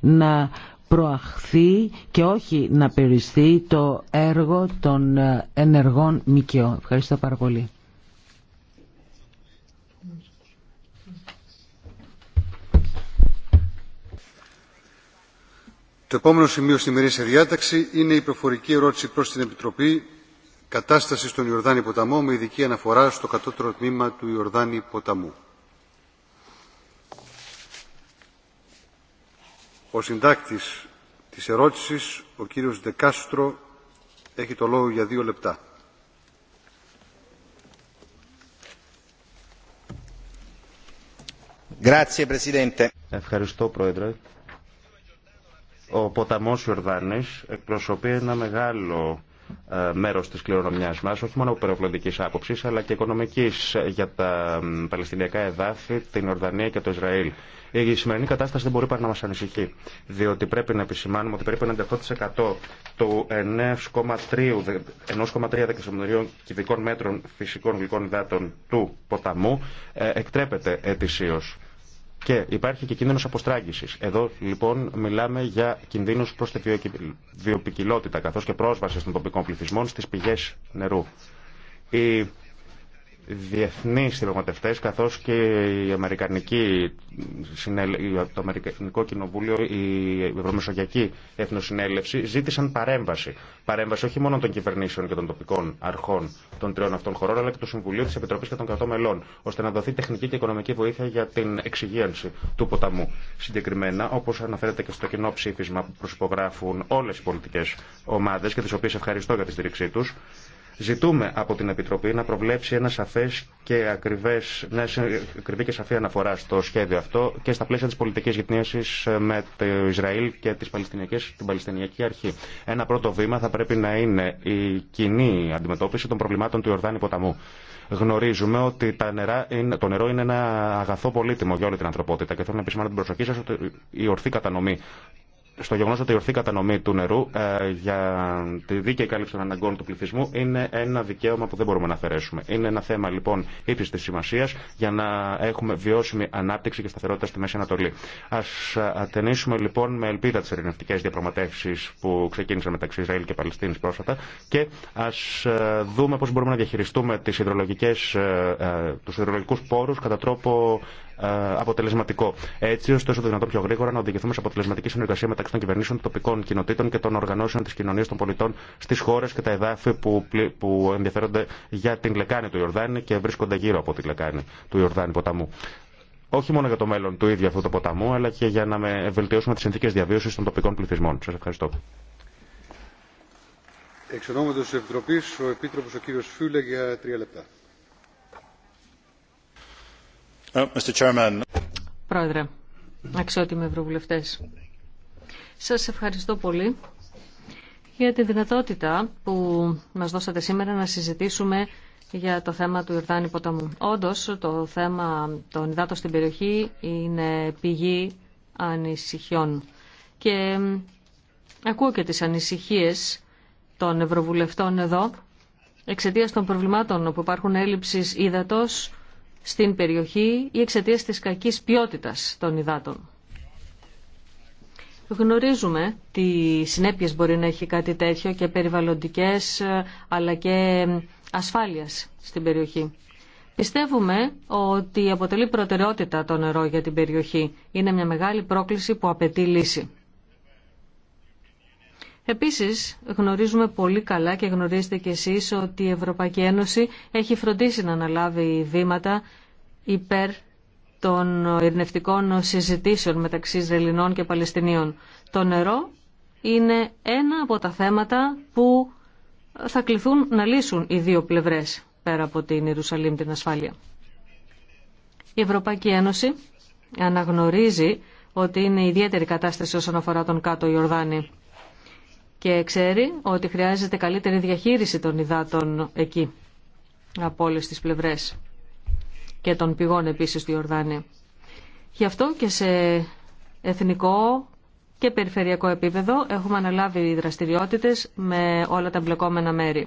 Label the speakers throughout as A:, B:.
A: να προαχθεί και όχι να περιστεί το έργο των ε, ενεργών ΜΚΟ. Ευχαριστώ πάρα πολύ.
B: Το επόμενο σημείο στη μερίσια διάταξη είναι η προφορική ερώτηση προς την Επιτροπή κατάσταση στον Ιορδάνη ποταμό με ειδική αναφορά στο κατώτερο τμήμα του Ιορδάνη ποταμού. Ο συντάκτης της ερώτησης, ο κύριος Δεκάστρο, έχει το λόγο για δύο λεπτά.
C: Ευχαριστώ, Πρόεδρε. Ο ποταμός Ιορδάνης εκπροσωπεί ένα μεγάλο ε, μέρος της κληρονομιάς μας, όχι μόνο περιοπλοντικής άποψης, αλλά και οικονομικής ε, για τα Παλαιστινιακά εδάφη, την Ορδανία και το Ισραήλ. Η σημερινή κατάσταση δεν μπορεί παρά να μα ανησυχεί. Διότι πρέπει να επισημάνουμε ότι περίπου 98% του 1,3 δεκατομμυρίων κυβικών μέτρων φυσικών γλυκών υδάτων του ποταμού ε, εκτρέπεται ετησίω. Και υπάρχει και κίνδυνο αποστράγγιση. Εδώ λοιπόν μιλάμε για κινδύνου προ τη βιοπικιλότητα καθώ και πρόσβαση των τοπικών πληθυσμών στι πηγέ νερού διεθνεί διαπραγματευτές καθώς και η Αμερικανική, το Αμερικανικό Κοινοβούλιο, η Ευρωμεσογειακή Εθνοσυνέλευση ζήτησαν παρέμβαση. Παρέμβαση όχι μόνο των κυβερνήσεων και των τοπικών αρχών των τριών αυτών χωρών αλλά και του Συμβουλίου της Επιτροπής και των Κρατών Μελών ώστε να δοθεί τεχνική και οικονομική βοήθεια για την εξυγίανση του ποταμού. Συγκεκριμένα, όπως αναφέρεται και στο κοινό ψήφισμα που προσυπογράφουν όλες οι πολιτικές ομάδες και τι οποίε ευχαριστώ για τη στήριξή του. Ζητούμε από την Επιτροπή να προβλέψει ένα σαφές και ακριβές, μια ακριβή και σαφή αναφορά στο σχέδιο αυτό και στα πλαίσια της πολιτικής γυπνίασης ε, με το Ισραήλ και τις Παλαιστινιακές, την Παλαιστινιακή Αρχή. Ένα πρώτο βήμα θα πρέπει να είναι η κοινή αντιμετώπιση των προβλημάτων του Ιορδάνη ποταμού. Γνωρίζουμε ότι τα νερά είναι, το νερό είναι ένα αγαθό πολύτιμο για όλη την ανθρωπότητα και θέλω να επισημάνω την προσοχή σα ότι η ορθή κατανομή στο γεγονό ότι η ορθή κατανομή του νερού ε, για τη δίκαιη κάλυψη των αναγκών του πληθυσμού είναι ένα δικαίωμα που δεν μπορούμε να αφαιρέσουμε. Είναι ένα θέμα λοιπόν ύψη τη σημασία για να έχουμε βιώσιμη ανάπτυξη και σταθερότητα στη Μέση Ανατολή. Α ε, ατενίσουμε λοιπόν με ελπίδα τι ειρηνευτικέ διαπραγματεύσει που ξεκίνησαν μεταξύ Ισραήλ και Παλαιστίνη πρόσφατα και α ε, δούμε πώ μπορούμε να διαχειριστούμε του υδρολογικού πόρου κατά τρόπο ε, αποτελεσματικό. Έτσι, ώστε όσο το δυνατόν πιο γρήγορα να οδηγηθούμε σε αποτελεσματική συνεργασία μεταξύ των κυβερνήσεων, των τοπικών κοινοτήτων και των οργανώσεων τη κοινωνία των πολιτών στι χώρε και τα εδάφη που, που ενδιαφέρονται για την λεκάνη του Ιορδάνη και βρίσκονται γύρω από τη λεκάνη του Ιορδάνη ποταμού όχι μόνο για το μέλλον του ίδιου αυτού του ποταμού, αλλά και για να με βελτιώσουμε τι συνθήκε διαβίωση των τοπικών πληθυσμών. Σα ευχαριστώ.
B: Εξ ονόματο τη Επιτροπή, ο Επίτροπο ο κ. Φιούλε για λεπτά.
D: Oh,
E: Πρόεδρε, αξιότιμοι ευρωβουλευτές, σας ευχαριστώ πολύ για τη δυνατότητα που μας δώσατε σήμερα να συζητήσουμε για το θέμα του Ιρδάνη ποταμού. Όντως, το θέμα των υδάτων στην περιοχή είναι πηγή ανησυχιών. Και ακούω και τις ανησυχίες των ευρωβουλευτών εδώ εξαιτία των προβλημάτων που υπάρχουν έλλειψης ύδατος στην περιοχή ή εξαιτία της κακής ποιότητας των υδάτων. Γνωρίζουμε τι συνέπειες μπορεί να έχει κάτι τέτοιο και περιβαλλοντικές ε, αλλά και ασφάλειας στην περιοχή. Πιστεύουμε ότι αποτελεί προτεραιότητα το νερό για την περιοχή. Είναι μια μεγάλη πρόκληση που απαιτεί λύση. Επίσης γνωρίζουμε πολύ καλά και γνωρίζετε κι εσείς ότι η Ευρωπαϊκή Ένωση έχει φροντίσει να αναλάβει βήματα υπέρ των ειρνευτικών συζητήσεων μεταξύ Ισραηλινών και Παλαιστινίων. Το νερό είναι ένα από τα θέματα που θα κληθούν να λύσουν οι δύο πλευρές πέρα από την Ιερουσαλήμ την ασφάλεια. Η Ευρωπαϊκή Ένωση αναγνωρίζει ότι είναι ιδιαίτερη κατάσταση όσον αφορά τον κάτω Ιορδάνη και ξέρει ότι χρειάζεται καλύτερη διαχείριση των υδάτων εκεί από όλες τις πλευρές και των πηγών επίσης του Ιορδάνη. Γι' αυτό και σε εθνικό και περιφερειακό επίπεδο έχουμε αναλάβει δραστηριότητες με όλα τα εμπλεκόμενα μέρη.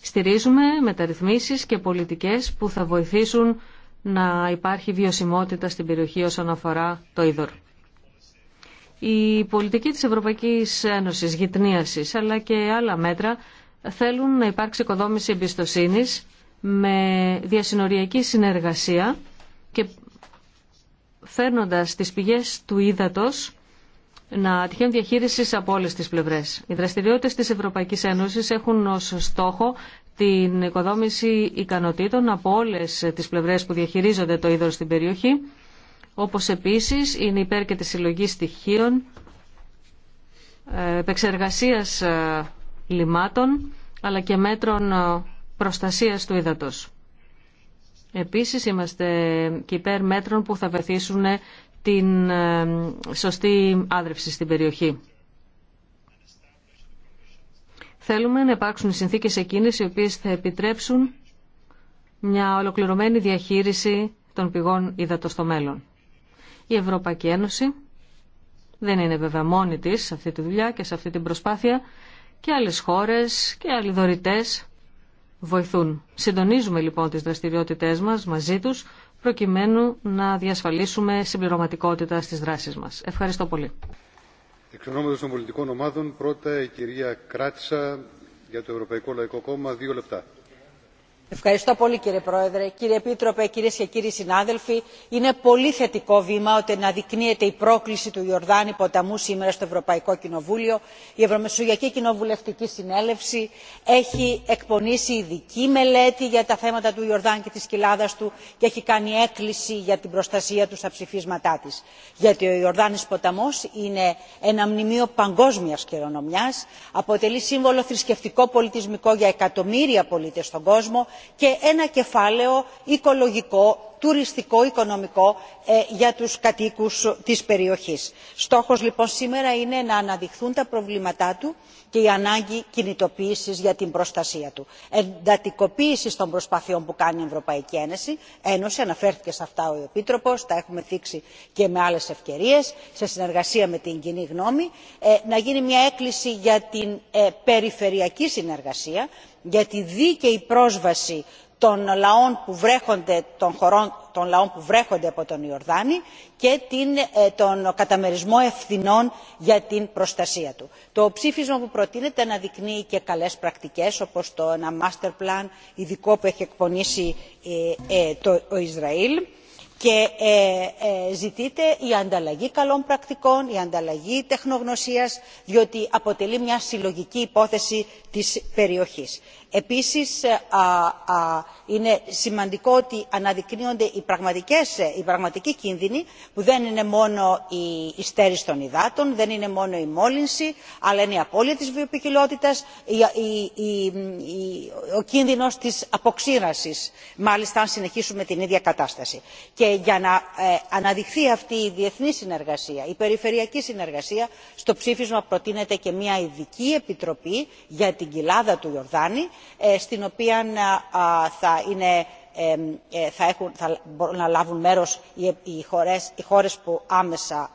E: Στηρίζουμε μεταρρυθμίσεις και πολιτικές που θα βοηθήσουν να υπάρχει βιωσιμότητα στην περιοχή όσον αφορά το είδωρ. Η πολιτική της Ευρωπαϊκής Ένωσης γυτνίασης αλλά και άλλα μέτρα θέλουν να υπάρξει οικοδόμηση εμπιστοσύνης με διασυνοριακή συνεργασία και φέρνοντας τις πηγές του ύδατος να τυχαίνουν διαχείριση από όλε τι πλευρέ. Οι δραστηριότητες της Ευρωπαϊκής Ένωσης έχουν ως στόχο την οικοδόμηση ικανοτήτων από όλε τι πλευρέ που διαχειρίζονται το είδωρο στην περιοχή όπως επίσης είναι υπέρ και της συλλογής στοιχείων, ε, επεξεργασίας ε, λιμάτων, αλλά και μέτρων ε, προστασίας του ύδατος. Επίσης είμαστε και υπέρ μέτρων που θα βεθίσουν την σωστή άδρευση στην περιοχή. Θέλουμε να υπάρξουν συνθήκες εκείνες οι οποίες θα επιτρέψουν μια ολοκληρωμένη διαχείριση των πηγών ύδατος στο μέλλον. Η Ευρωπαϊκή Ένωση δεν είναι βέβαια μόνη τη σε αυτή τη δουλειά και σε αυτή την προσπάθεια και άλλες χώρες και άλλοι δωρητέ βοηθούν. Συντονίζουμε λοιπόν τις δραστηριότητές μας μαζί τους προκειμένου να διασφαλίσουμε συμπληρωματικότητα στις δράσεις μας. Ευχαριστώ πολύ.
B: Εξ των πολιτικών ομάδων, πρώτα η κυρία Κράτσα για το Ευρωπαϊκό Λαϊκό Κόμμα, δύο λεπτά.
D: Ευχαριστώ πολύ κύριε πρόεδρε κύριε επίτροπε κύριε και κύριοι συνάδελφοι είναι πολύ θετικό βήμα ότι αναδεικνύεται η πρόκληση του ιορδάνη ποταμού σήμερα στο ευρωπαϊκό κοινοβούλιο. η ευρωμεσογειακή κοινοβουλευτική συνέλευση έχει εκπονήσει ειδική μελέτη για τα θέματα του ιορδάνη και της κοιλάδας του και έχει κάνει έκκληση για την προστασία του στα ψηφίσματά της γιατί ο ιορδάνης ποταμός είναι ένα μνημείο παγκόσμιας κληρονομιάς αποτελεί σύμβολο θρησκευτικό πολιτισμικό για εκατομμύρια πολίτες στον κόσμο και ένα κεφάλαιο οικολογικό τουριστικό οικονομικό ε, για τους κατοίκους της περιοχής. στόχος λοιπόν σήμερα είναι να αναδειχθούν τα προβλήματά του και η ανάγκη κινητοποίησης για την προστασία του εντατικοποίηση των προσπαθειών που κάνει η ευρωπαϊκή ένωση, ένωση αναφέρθηκε σε αυτά ο επίτροπος τα έχουμε θίξει και με άλλες ευκαιρίες σε συνεργασία με την κοινή γνώμη ε, να γίνει μια έκκληση για την ε, περιφερειακή συνεργασία για τη δίκαιη πρόσβαση των λαών που βρέχονται, λαών που βρέχονται από τον Ιορδάνη και ε, τον καταμερισμό ευθυνών για την προστασία του. Το ψήφισμα που προτείνεται αναδεικνύει και καλές πρακτικές όπως το ένα master plan ειδικό που έχει εκπονήσει ε, ε, το Ισραήλ και ζητείται η ανταλλαγή καλών πρακτικών η ανταλλαγή τεχνογνωσίας διότι αποτελεί μια συλλογική υπόθεση της περιοχής επίσης ε, είναι σημαντικό ότι αναδεικνύονται ε, οι, πραγματικοί κίνδυνοι που δεν είναι μόνο η στέρηση των υδάτων δεν είναι μόνο η μόλυνση αλλά είναι η απώλεια της βιοποικιλότητας ο κίνδυνος της αποξήρασης μάλιστα αν συνεχίσουμε την ίδια κατάσταση. και για να ε, αναδειχθεί αυτή η διεθνή συνεργασία η περιφερειακή συνεργασία στο ψήφισμα προτείνεται και μια ειδική επιτροπή για την κοιλάδα του ιορδάνη ε, στην οποία ε, ε, θα, έχουν, μπορούν να λάβουν μέρος οι χώρες, που άμεσα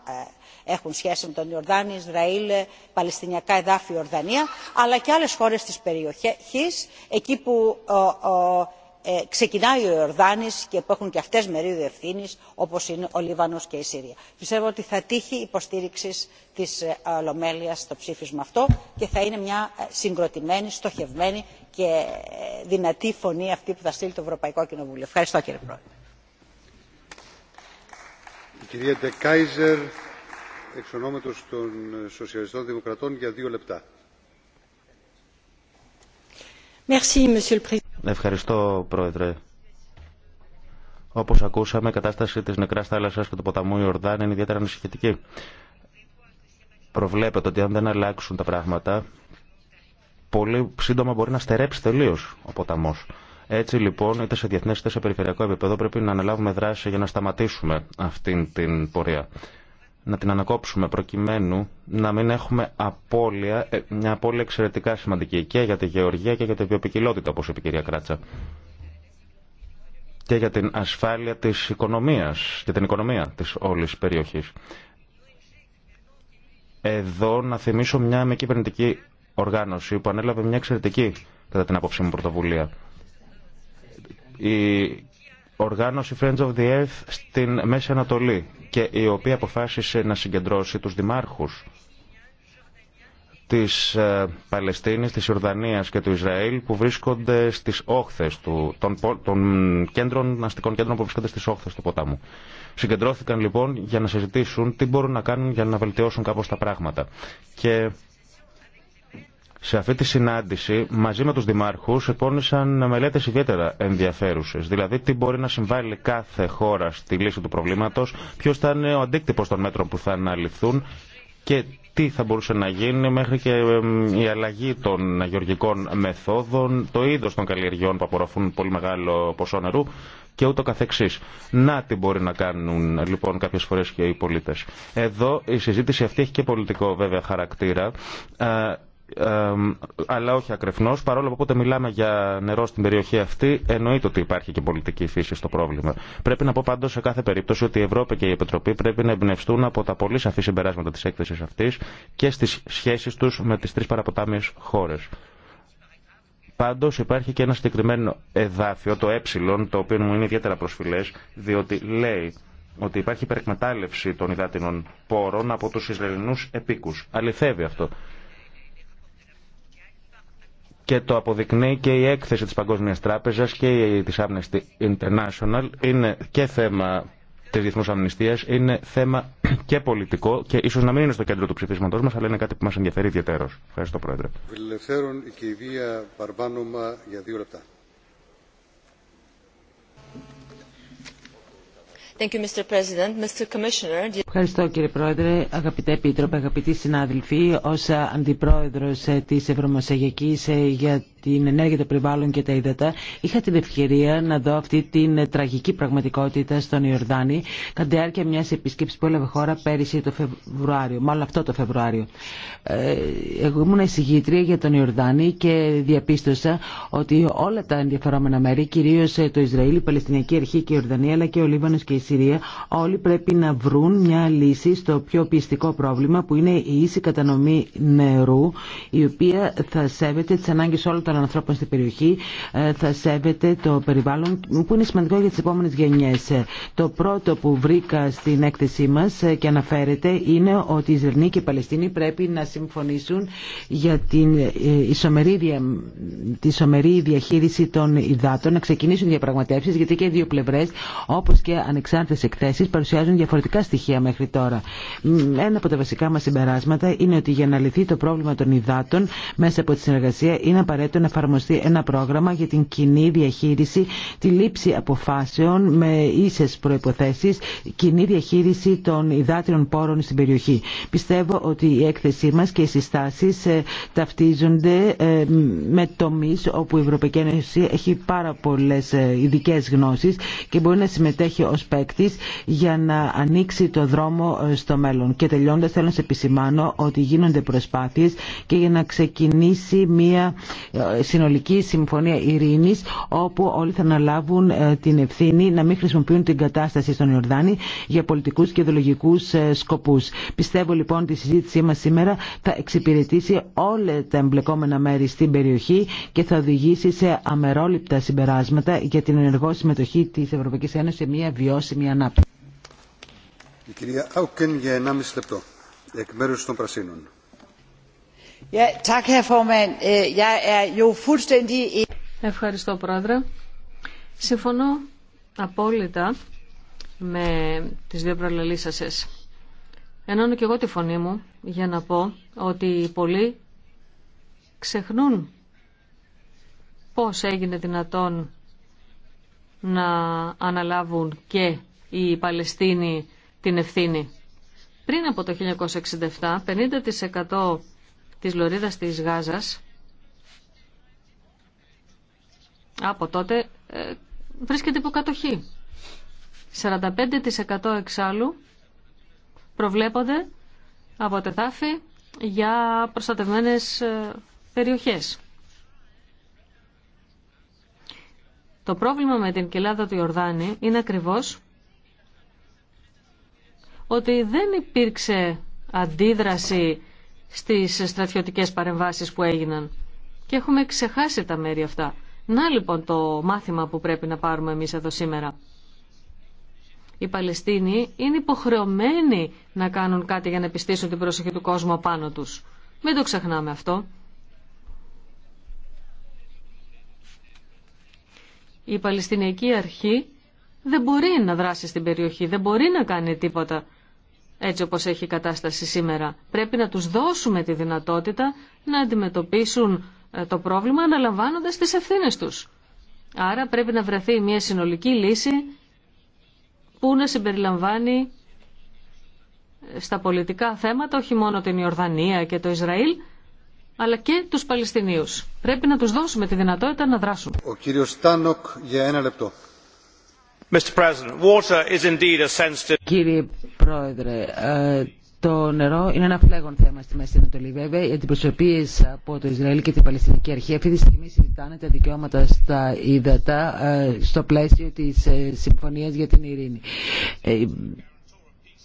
D: έχουν σχέση με τον Ιορδάνη, Ισραήλ, Παλαιστινιακά εδάφη, Ιορδανία, αλλά και άλλες χώρες της περιοχής, εκεί που ε, ξεκινάει ο ιορδάνης και που έχουν και αυτές μερίδιο ευθύνης όπως είναι ο λίβανος και η συρία. πιστεύω ότι θα τύχει υποστήριξη της ε, ολομέλειας στο ψήφισμα αυτό και θα είναι μια ε, συγκροτημένη στοχευμένη και δυνατή φωνή αυτή που θα στείλει το ευρωπαϊκό κοινοβούλιο. ευχαριστώ κύριε πρόεδρε.
C: Ευχαριστώ, Πρόεδρε. Όπως ακούσαμε, η κατάσταση της νεκράς θάλασσας και του ποταμού Ιορδάν είναι ιδιαίτερα ανησυχητική. Προβλέπετε ότι αν δεν αλλάξουν τα πράγματα, πολύ σύντομα μπορεί να στερέψει τελείω ο ποταμός. Έτσι λοιπόν, είτε σε διεθνές είτε σε περιφερειακό επίπεδο, πρέπει να αναλάβουμε δράση για να σταματήσουμε αυτή την πορεία να την ανακόψουμε προκειμένου να μην έχουμε απώλεια, ε, μια απώλεια εξαιρετικά σημαντική και για τη γεωργία και για τη βιοπικιλότητα, όπως είπε η κυρία Κράτσα. Και για την ασφάλεια της οικονομίας και την οικονομία της όλης περιοχής. Εδώ να θυμίσω μια με κυβερνητική οργάνωση που ανέλαβε μια εξαιρετική, κατά την άποψή μου, πρωτοβουλία. Η οργάνωση Friends of the Earth στην Μέση Ανατολή και η οποία αποφάσισε να συγκεντρώσει τους δημάρχους της ε, Παλαιστίνης, της Ιορδανίας και του Ισραήλ που βρίσκονται στις όχθες του, των, των κέντρων, αστικών κέντρων που βρίσκονται στις όχθες του ποτάμου. Συγκεντρώθηκαν λοιπόν για να συζητήσουν τι μπορούν να κάνουν για να βελτιώσουν κάπως τα πράγματα. Και σε αυτή τη συνάντηση, μαζί με τους δημάρχους, επώνυσαν μελέτες ιδιαίτερα ενδιαφέρουσες. Δηλαδή, τι μπορεί να συμβάλλει κάθε χώρα στη λύση του προβλήματος, ποιος θα είναι ο αντίκτυπος των μέτρων που θα αναλυθούν και τι θα μπορούσε να γίνει μέχρι και η αλλαγή των γεωργικών μεθόδων, το είδος των καλλιεργιών που απορροφούν πολύ μεγάλο ποσό νερού και ούτω καθεξής. Να τι μπορεί να κάνουν λοιπόν κάποιες φορές και οι πολίτες. Εδώ η συζήτηση αυτή έχει και πολιτικό βέβαια χαρακτήρα αλλά όχι ακρεφνώς, παρόλο που όποτε μιλάμε για νερό στην περιοχή αυτή, εννοείται ότι υπάρχει και πολιτική φύση στο πρόβλημα. Πρέπει να πω πάντως σε κάθε περίπτωση ότι η Ευρώπη και η Επιτροπή πρέπει να εμπνευστούν από τα πολύ σαφή συμπεράσματα της έκθεσης αυτής και στις σχέσεις τους με τις τρεις παραποτάμιες χώρες. Πάντω υπάρχει και ένα συγκεκριμένο εδάφιο, το ε, το οποίο μου είναι ιδιαίτερα προσφυλέ, διότι λέει ότι υπάρχει υπερεκμετάλλευση των υδάτινων πόρων από του Ισραηλινού επίκου. Αληθεύει αυτό και το αποδεικνύει και η έκθεση της Παγκόσμιας Τράπεζας και της Amnesty International είναι και θέμα της Διεθνούς Αμνηστίας, είναι θέμα και πολιτικό και ίσως να μην είναι στο κέντρο του ψηφίσματός μας, αλλά είναι κάτι που μας ενδιαφέρει ιδιαίτερος. Ευχαριστώ Πρόεδρε.
B: η για λεπτά.
A: Ευχαριστώ κύριε Πρόεδρε, αγαπητέ Επίτροπε, αγαπητοί συνάδελφοι. Ως Αντιπρόεδρος της Ευρωμεσογειακής ε, για την ενέργεια των περιβάλλον και τα ύδατα, είχα την ευκαιρία να δω αυτή την τραγική πραγματικότητα στον Ιορδάνη κατά τη διάρκεια μια επίσκεψη που έλαβε χώρα πέρυσι το Φεβρουάριο, μάλλον αυτό το Φεβρουάριο. Ε, εγώ ήμουν εισηγήτρια για τον Ιορδάνη και διαπίστωσα ότι όλα τα ενδιαφερόμενα μέρη, κυρίω ε, το Ισραήλ, η Παλαιστινιακή Αρχή και η Ιορδανία, αλλά και ο Λίβανο και η Συρία, όλοι πρέπει να βρουν μια λύση στο πιο πιστικό πρόβλημα που είναι η ίση κατανομή νερού, η οποία θα σέβεται τι ανάγκε όλων των ανθρώπων στην περιοχή ε, θα σέβεται το περιβάλλον που είναι σημαντικό για τις επόμενες γενιές. Ε, το πρώτο που βρήκα στην έκθεσή μας ε, και αναφέρεται είναι ότι οι Ισραηλοί και οι Παλαιστίνοι πρέπει να συμφωνήσουν για την τη ισομερή διαχείριση των υδάτων, να ξεκινήσουν διαπραγματεύσεις γιατί και οι δύο πλευρές όπως και ανεξάρτητες εκθέσεις παρουσιάζουν διαφορετικά στοιχεία μέχρι τώρα. Ένα από τα βασικά μας συμπεράσματα είναι ότι για να λυθεί το πρόβλημα των υδάτων μέσα από τη συνεργασία είναι απαραίτητο να εφαρμοστεί ένα πρόγραμμα για την κοινή διαχείριση, τη λήψη αποφάσεων με ίσε προποθέσει, κοινή διαχείριση των υδάτινων πόρων στην περιοχή. Πιστεύω ότι η έκθεσή μα και οι συστάσεις ε, ταυτίζονται ε, με τομεί όπου η Ευρωπαϊκή Ένωση έχει πάρα πολλέ ε, ειδικέ γνώσει και μπορεί να συμμετέχει ω παίκτη για να ανοίξει το δρόμο στο μέλλον. Και τελειώντα θέλω να σε επισημάνω ότι γίνονται προσπάθειε και για να ξεκινήσει μια συνολική συμφωνία ειρήνης όπου όλοι θα αναλάβουν ε, την ευθύνη να μην χρησιμοποιούν την κατάσταση στον Ιορδάνη για πολιτικούς και ιδεολογικούς ε, σκοπούς. Πιστεύω λοιπόν ότι η συζήτησή μας σήμερα θα εξυπηρετήσει όλα τα εμπλεκόμενα μέρη στην περιοχή και θα οδηγήσει σε αμερόληπτα συμπεράσματα για την ενεργό συμμετοχή της Ευρωπαϊκής Ένωσης σε μια βιώσιμη ανάπτυξη.
B: Η κυρία Άουκεν για 1,5 λεπτό, εκ μέρους των Πρασίνων.
E: Øh, er Ευχαριστώ, Πρόεδρε. Συμφωνώ απόλυτα με τις δύο προλαλήσασες. Ενώνω και εγώ τη φωνή μου για να πω ότι πολλοί ξεχνούν πώς έγινε δυνατόν να αναλάβουν και οι Παλαιστίνοι την ευθύνη. Πριν από το 1967, 50% της Λωρίδας της Γάζας από τότε ε, βρίσκεται υποκατοχή. 45% εξάλλου προβλέπονται από τετάφη για προστατευμένες ε, περιοχές. Το πρόβλημα με την κοιλάδα του Ιορδάνη είναι ακριβώς ότι δεν υπήρξε αντίδραση στις στρατιωτικές παρεμβάσεις που έγιναν. Και έχουμε ξεχάσει τα μέρη αυτά. Να λοιπόν το μάθημα που πρέπει να πάρουμε εμείς εδώ σήμερα. Οι Παλαιστίνοι είναι υποχρεωμένοι να κάνουν κάτι για να πιστήσουν την προσοχή του κόσμου απάνω τους. Μην το ξεχνάμε αυτό. Η Παλαιστινιακή Αρχή δεν μπορεί να δράσει στην περιοχή, δεν μπορεί να κάνει τίποτα έτσι όπως έχει η κατάσταση σήμερα. Πρέπει να τους δώσουμε τη δυνατότητα να αντιμετωπίσουν ε, το πρόβλημα αναλαμβάνοντας τις ευθύνες τους. Άρα πρέπει να βρεθεί μια συνολική λύση που να συμπεριλαμβάνει ε, στα πολιτικά θέματα όχι μόνο την Ιορδανία και το Ισραήλ, αλλά και τους Παλαιστινίους. Πρέπει να τους δώσουμε τη δυνατότητα να δράσουν. Ο
B: κύριος Τάνοκ για ένα λεπτό. Κύριε
A: Πρόεδρε, ε, το νερό είναι ένα φλέγον θέμα στη Μέση Ανατολή. Βέβαια, οι αντιπροσωπείε από το Ισραήλ και την Παλαιστινική Αρχή αυτή τη στιγμή συζητάνε τα δικαιώματα στα ύδατα ε, στο πλαίσιο τη ε, Συμφωνία για την Ειρήνη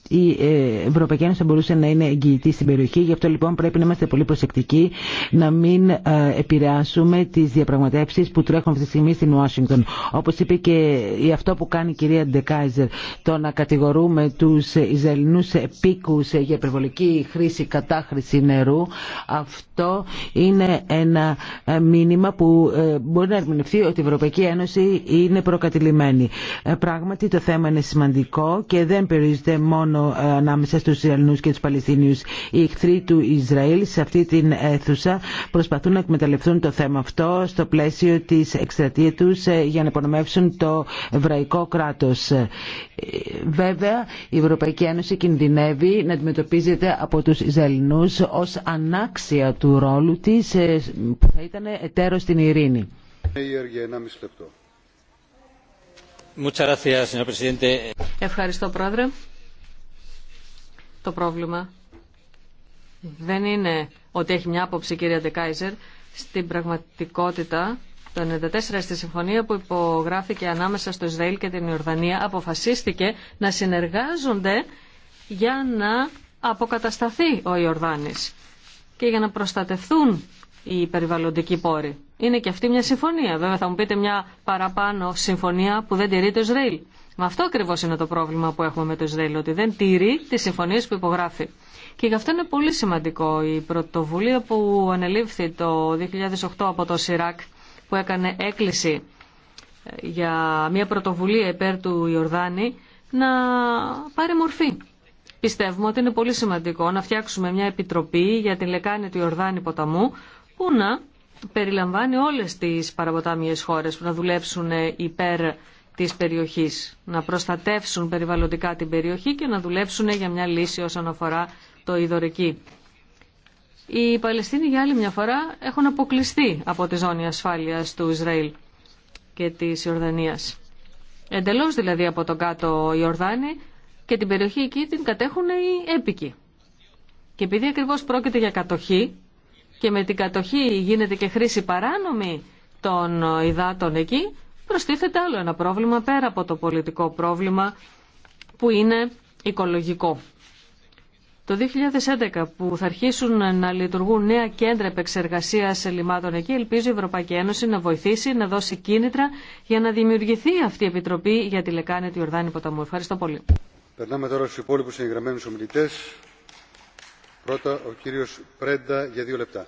A: η ε, Ευρωπαϊκή Ένωση θα μπορούσε να είναι εγγυητή στην περιοχή. Γι' αυτό λοιπόν πρέπει να είμαστε πολύ προσεκτικοί να μην ε, επηρεάσουμε τι διαπραγματεύσει που τρέχουν αυτή τη στιγμή στην Ουάσιγκτον. Όπω είπε και αυτό που κάνει η κυρία Ντεκάιζερ, το να κατηγορούμε του Ισραηλινού επίκου για υπερβολική χρήση, κατάχρηση νερού, αυτό είναι ένα ε, μήνυμα που μπορεί να ερμηνευτεί ότι η Ευρωπαϊκή Ένωση είναι προκατηλημένη. Πράγματι το θέμα είναι σημαντικό και δεν περιορίζεται μόνο ε, ανάμεσα στους Ισραηλινούς και τους Παλαιστινίους. Οι εχθροί του Ισραήλ σε αυτή την αίθουσα προσπαθούν να εκμεταλλευτούν το θέμα αυτό στο πλαίσιο της εκστρατεία τους ε, για να υπονομεύσουν το εβραϊκό κράτος. Ε, βέβαια, η Ευρωπαϊκή Ένωση κινδυνεύει να αντιμετωπίζεται από τους Ισραηλινούς ως ανάξια του ρόλου της που θα ήταν εταίρος στην
B: ειρήνη.
E: Ευχαριστώ, Πρόεδρε. Το πρόβλημα δεν είναι ότι έχει μια άποψη η κυρία Ντεκάιζερ. Στην πραγματικότητα, το 1994 στη συμφωνία που υπογράφηκε ανάμεσα στο Ισραήλ και την Ιορδανία αποφασίστηκε να συνεργάζονται για να αποκατασταθεί ο Ιορδάνης και για να προστατευθούν οι περιβαλλοντικοί πόροι. Είναι και αυτή μια συμφωνία. Βέβαια θα μου πείτε μια παραπάνω συμφωνία που δεν τηρεί το Ισραήλ. Μα αυτό ακριβώ είναι το πρόβλημα που έχουμε με το Ισραήλ, ότι δεν τηρεί τι συμφωνίε που υπογράφει. Και γι' αυτό είναι πολύ σημαντικό η πρωτοβουλία που ανελήφθη το 2008 από το ΣΥΡΑΚ, που έκανε έκκληση ε, για μια πρωτοβουλία υπέρ του Ιορδάνη, να πάρει μορφή. Πιστεύουμε ότι είναι πολύ σημαντικό να φτιάξουμε μια επιτροπή για την λεκάνη του Ιορδάνη ποταμού, που να περιλαμβάνει όλες τις παραποτάμιες χώρες που να δουλέψουν υπέρ της περιοχής, να προστατεύσουν περιβαλλοντικά την περιοχή και να δουλέψουν για μια λύση όσον αφορά το Ιδωρική. Οι Παλαιστίνοι για άλλη μια φορά έχουν αποκλειστεί από τη ζώνη ασφάλειας του Ισραήλ και της Ιορδανίας. Εντελώς δηλαδή από τον κάτω Ιορδάνη και την περιοχή εκεί την κατέχουν οι έπικοι. Και επειδή ακριβώς πρόκειται για κατοχή και με την κατοχή γίνεται και χρήση παράνομη των υδάτων εκεί, προστίθεται άλλο ένα πρόβλημα πέρα από το πολιτικό πρόβλημα που είναι οικολογικό. Το 2011 που θα αρχίσουν να λειτουργούν νέα κέντρα επεξεργασία ελλημάτων εκεί, ελπίζω η Ευρωπαϊκή Ένωση να βοηθήσει, να δώσει κίνητρα για να δημιουργηθεί αυτή η Επιτροπή για τη Λεκάνη του Ιορδάνη Ποταμού. Ευχαριστώ πολύ.
B: Περνάμε τώρα στου υπόλοιπου εγγραμμένου ομιλητέ. Πρώτα ο κύριο Πρέντα για δύο λεπτά.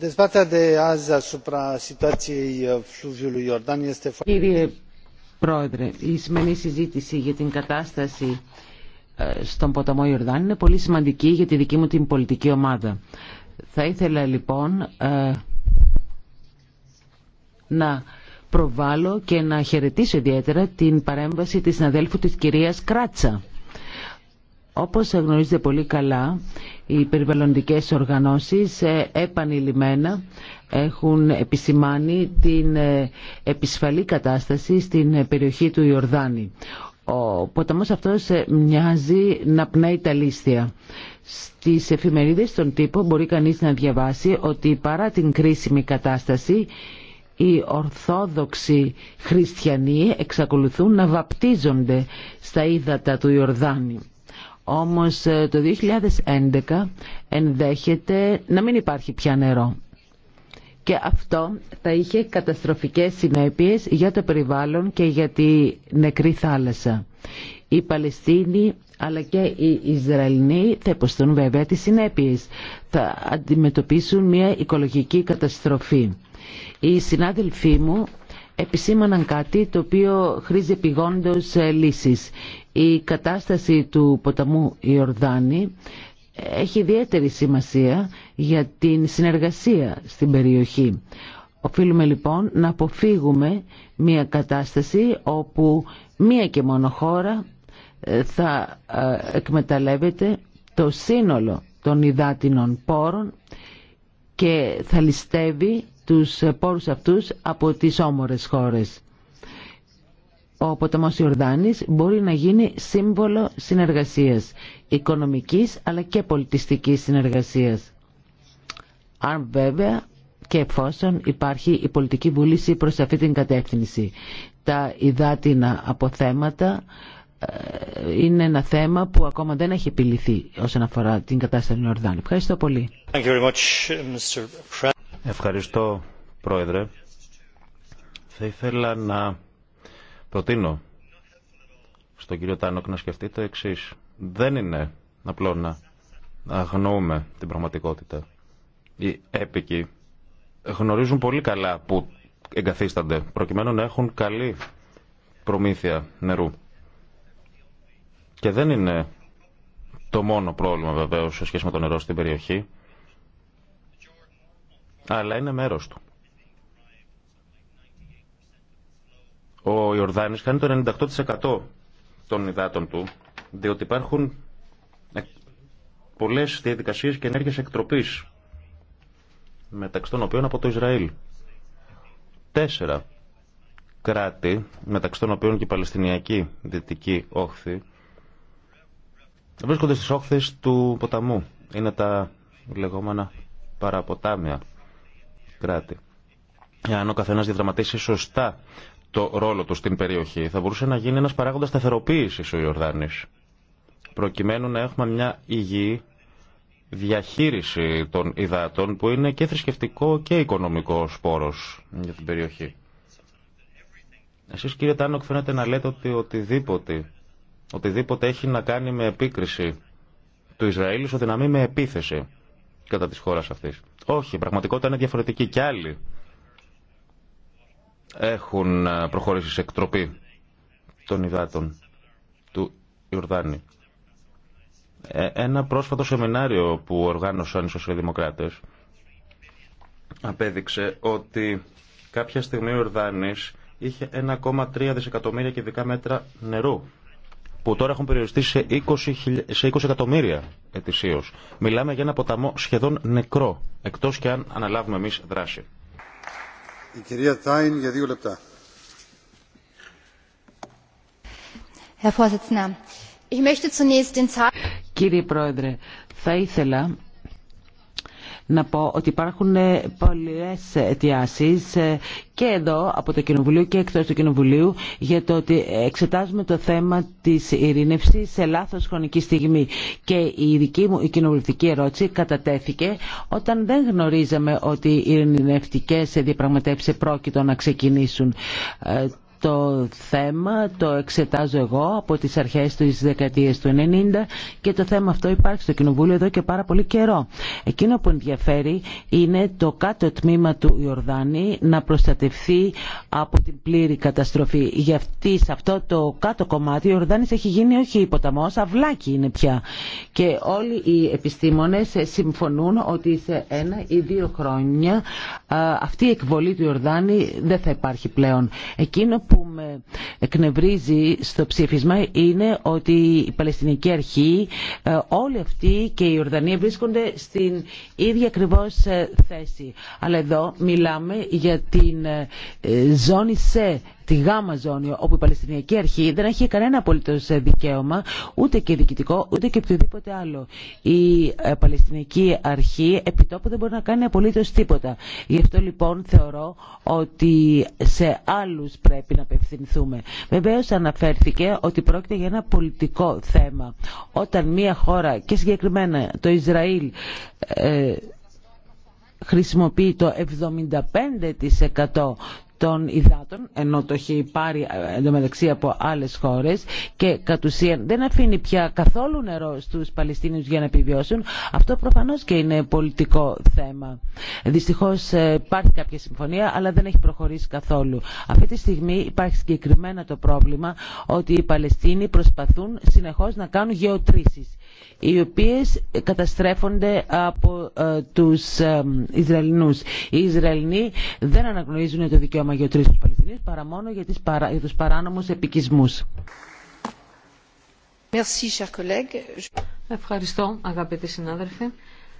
B: Uh, Κύριε
A: Πρόεδρε, η σημερινή συζήτηση για την κατάσταση uh, στον ποταμό Ιορδάν είναι πολύ σημαντική για τη δική μου την πολιτική ομάδα. Θα ήθελα λοιπόν uh, να προβάλλω και να χαιρετήσω ιδιαίτερα την παρέμβαση της συναδέλφου της κυρίας Κράτσα όπως γνωρίζετε πολύ καλά, οι περιβαλλοντικές οργανώσεις ε, επανειλημμένα έχουν επισημάνει την ε, επισφαλή κατάσταση στην ε, περιοχή του Ιορδάνη. Ο ποταμός αυτός μοιάζει να πνέει τα λίστια. Στις εφημερίδες των τύπων μπορεί κανείς να διαβάσει ότι παρά την κρίσιμη κατάσταση οι Ορθόδοξοι χριστιανοί εξακολουθούν να βαπτίζονται στα ύδατα του Ιορδάνη. Όμως ε, το 2011 ενδέχεται να μην υπάρχει πια νερό. Και αυτό θα είχε καταστροφικές συνέπειες για το περιβάλλον και για τη νεκρή θάλασσα. Οι Παλαιστίνοι αλλά και οι Ισραηλοί θα υποστούν βέβαια τις συνέπειες. Θα αντιμετωπίσουν μια οικολογική καταστροφή. Οι συνάδελφοί μου επισήμαναν κάτι το οποίο χρήζει επιγόντως ε, λύσεις. Η κατάσταση του ποταμού Ιορδάνη έχει ιδιαίτερη σημασία για την συνεργασία στην περιοχή. Οφείλουμε λοιπόν να αποφύγουμε μια κατάσταση όπου μία και μόνο χώρα ε, θα ε, εκμεταλλεύεται το σύνολο των υδάτινων πόρων και θα ληστεύει τους ε, πόρους αυτούς από τις όμορες χώρες ο ποταμός Ιορδάνης μπορεί να γίνει σύμβολο συνεργασίας, οικονομικής αλλά και πολιτιστικής συνεργασίας. Αν βέβαια και εφόσον υπάρχει η πολιτική βούληση προς αυτή την κατεύθυνση. Τα υδάτινα αποθέματα ε, είναι ένα θέμα που ακόμα δεν έχει επιληθεί όσον αφορά την κατάσταση του Ιορδάνη. Ευχαριστώ πολύ.
C: Ευχαριστώ, Πρόεδρε. Θα ήθελα να Προτείνω στον κύριο Τάνοκ να σκεφτείτε το εξή. Δεν είναι απλό να αγνοούμε την πραγματικότητα. Οι έπικοι γνωρίζουν πολύ καλά που εγκαθίστανται προκειμένου να έχουν καλή προμήθεια νερού. Και δεν είναι το μόνο πρόβλημα βεβαίως σε σχέση με το νερό στην περιοχή αλλά είναι μέρος του. Ο Ιορδάνης κάνει το 98% των υδάτων του, διότι υπάρχουν πολλές διαδικασίε και ενέργειες εκτροπής, μεταξύ των οποίων από το Ισραήλ. Τέσσερα κράτη, μεταξύ των οποίων και η Παλαιστινιακή Δυτική Όχθη, βρίσκονται στις όχθες του ποταμού. Είναι τα λεγόμενα παραποτάμια κράτη. Αν ο καθένας διαδραματίσει σωστά το ρόλο του στην περιοχή. Θα μπορούσε να γίνει ένας παράγοντας σταθεροποίησης ο Ιορδάνης, προκειμένου να έχουμε μια υγιή διαχείριση των υδάτων που είναι και θρησκευτικό και οικονομικό σπόρος για την περιοχή. Εσείς κύριε Τάνοκ φαίνεται να λέτε ότι οτιδήποτε, οτιδήποτε έχει να κάνει με επίκριση του Ισραήλ ισοδυναμεί με επίθεση κατά της χώρας αυτής. Όχι, η πραγματικότητα είναι διαφορετική κι άλλη έχουν ε, προχωρήσει σε εκτροπή των υδάτων του Ιορδάνη. Ε, ένα πρόσφατο σεμινάριο που οργάνωσαν οι σοσιαλδημοκράτες απέδειξε ότι κάποια στιγμή ο Ιορδάνης είχε 1,3 δισεκατομμύρια κυβικά μέτρα νερού που τώρα έχουν περιοριστεί σε 20, σε 20 εκατομμύρια ετησίως. Μιλάμε για ένα ποταμό σχεδόν νεκρό, εκτός
B: και αν αναλάβουμε εμείς δράση. Η κυρία για δύο λεπτά.
A: Κύριε Πρόεδρε, θα ήθελα να πω ότι υπάρχουν ε, πολλές αιτιάσεις ε, και εδώ από το Κοινοβουλίο και εκτός του Κοινοβουλίου για το ότι εξετάζουμε το θέμα της ειρήνευσης σε λάθος χρονική στιγμή και η δική μου η κοινοβουλευτική ερώτηση κατατέθηκε όταν δεν γνωρίζαμε ότι οι ειρηνευτικές διαπραγματεύσεις πρόκειτο να ξεκινήσουν. Ε, το θέμα το εξετάζω εγώ από τις αρχές της δεκαετίας του 90 και το θέμα αυτό υπάρχει στο Κοινοβούλιο εδώ και πάρα πολύ καιρό. Εκείνο που ενδιαφέρει είναι το κάτω τμήμα του Ιορδάνη να προστατευθεί από την πλήρη καταστροφή. Γι' σε αυτό το κάτω κομμάτι ο Ιορδάνης έχει γίνει όχι υποταμός αυλάκι είναι πια. Και όλοι οι επιστήμονες συμφωνούν ότι σε ένα ή δύο χρόνια αυτή η εκβολή του Ιορδάνη δεν θα υπάρχει πλέον. Εκείνο που με εκνευρίζει στο ψήφισμα είναι ότι η Παλαιστινική Αρχή, ε, όλοι αυτοί και η Ορδανία βρίσκονται στην ίδια ακριβώ ε, θέση. Αλλά εδώ μιλάμε για την ε, ζώνη σε τη γάμα ζώνη, όπου η Παλαιστινιακή Αρχή δεν έχει κανένα απολύτω δικαίωμα, ούτε και διοικητικό, ούτε και οποιοδήποτε άλλο. Η ε, Παλαιστινιακή Αρχή επιτόπου δεν μπορεί να κάνει απολύτω τίποτα. Γι' αυτό λοιπόν θεωρώ ότι σε άλλου πρέπει να απευθυνθούμε. Βεβαίω αναφέρθηκε ότι πρόκειται για ένα πολιτικό θέμα. Όταν μια χώρα και συγκεκριμένα το Ισραήλ ε, χρησιμοποιεί το 75% των υδάτων, ενώ το έχει πάρει ε, εντωμεταξύ από άλλε χώρε και κατ' ουσίαν δεν αφήνει πια καθόλου νερό στου Παλαιστινίου για να επιβιώσουν. Αυτό προφανώ και είναι πολιτικό θέμα. Δυστυχώ ε, υπάρχει κάποια συμφωνία, αλλά δεν έχει προχωρήσει καθόλου. Αυτή τη στιγμή υπάρχει συγκεκριμένα το πρόβλημα ότι οι Παλαιστίνοι προσπαθούν συνεχώ να κάνουν γεωτρήσει, οι οποίες καταστρέφονται από ε, τους Ισραηλινούς. Οι Ισραηλινοί δεν αναγνωρίζουν το δικαίωμα για τους Παλαιστινίους παρά μόνο για, τις παρα... για τους παράνομους επικισμούς.
E: Ευχαριστώ αγαπητοί συνάδελφοι.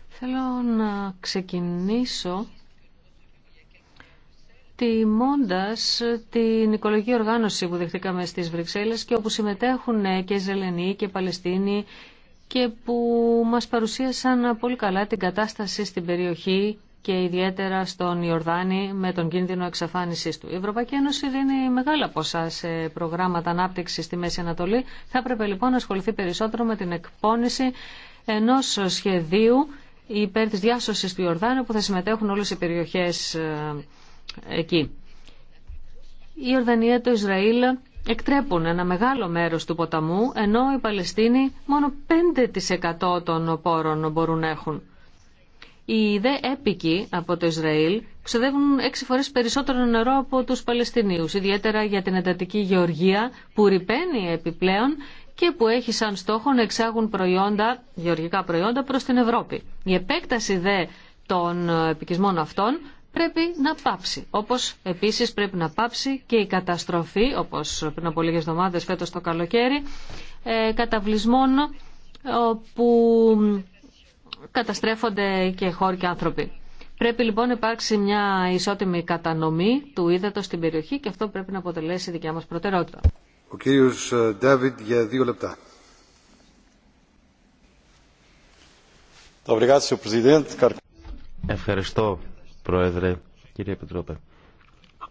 E: Θέλω να ξεκινήσω τιμώντας την οικολογική οργάνωση που δεχτήκαμε στις Βρυξέλλες και όπου συμμετέχουν και Ζελενοί και Παλαιστίνοι και που μας παρουσίασαν πολύ καλά την κατάσταση στην περιοχή και ιδιαίτερα στον Ιορδάνη με τον κίνδυνο εξαφάνισή του. Η Ευρωπαϊκή Ένωση δίνει μεγάλα ποσά σε προγράμματα ανάπτυξη στη Μέση Ανατολή. Θα έπρεπε λοιπόν να ασχοληθεί περισσότερο με την εκπόνηση ενό σχεδίου υπέρ τη διάσωση του Ιορδάνου που θα συμμετέχουν όλε οι περιοχέ ε, εκεί. Η Ιορδανία, το Ισραήλ εκτρέπουν ένα μεγάλο μέρος του ποταμού, ενώ οι Παλαιστίνοι μόνο 5% των πόρων μπορούν να έχουν. Οι δε έπικοι από το Ισραήλ ξοδεύουν έξι φορές περισσότερο νερό από τους Παλαιστινίους, ιδιαίτερα για την εντατική γεωργία που ρηπαίνει επιπλέον και που έχει σαν στόχο να εξάγουν προϊόντα, γεωργικά προϊόντα προς την Ευρώπη. Η επέκταση δε των επικισμών αυτών πρέπει να πάψει. Όπως επίσης πρέπει να πάψει και η καταστροφή, όπως πριν από λίγες εβδομάδες φέτος το καλοκαίρι, ε, καταβλισμών που καταστρέφονται και χώροι και άνθρωποι. Πρέπει λοιπόν να υπάρξει μια ισότιμη κατανομή του ύδατος στην περιοχή και αυτό πρέπει να αποτελέσει δικιά μας προτεραιότητα.
B: Ο κύριος ε, για δύο λεπτά.
C: Ευχαριστώ, Πρόεδρε, κύριε Επιτρόπε.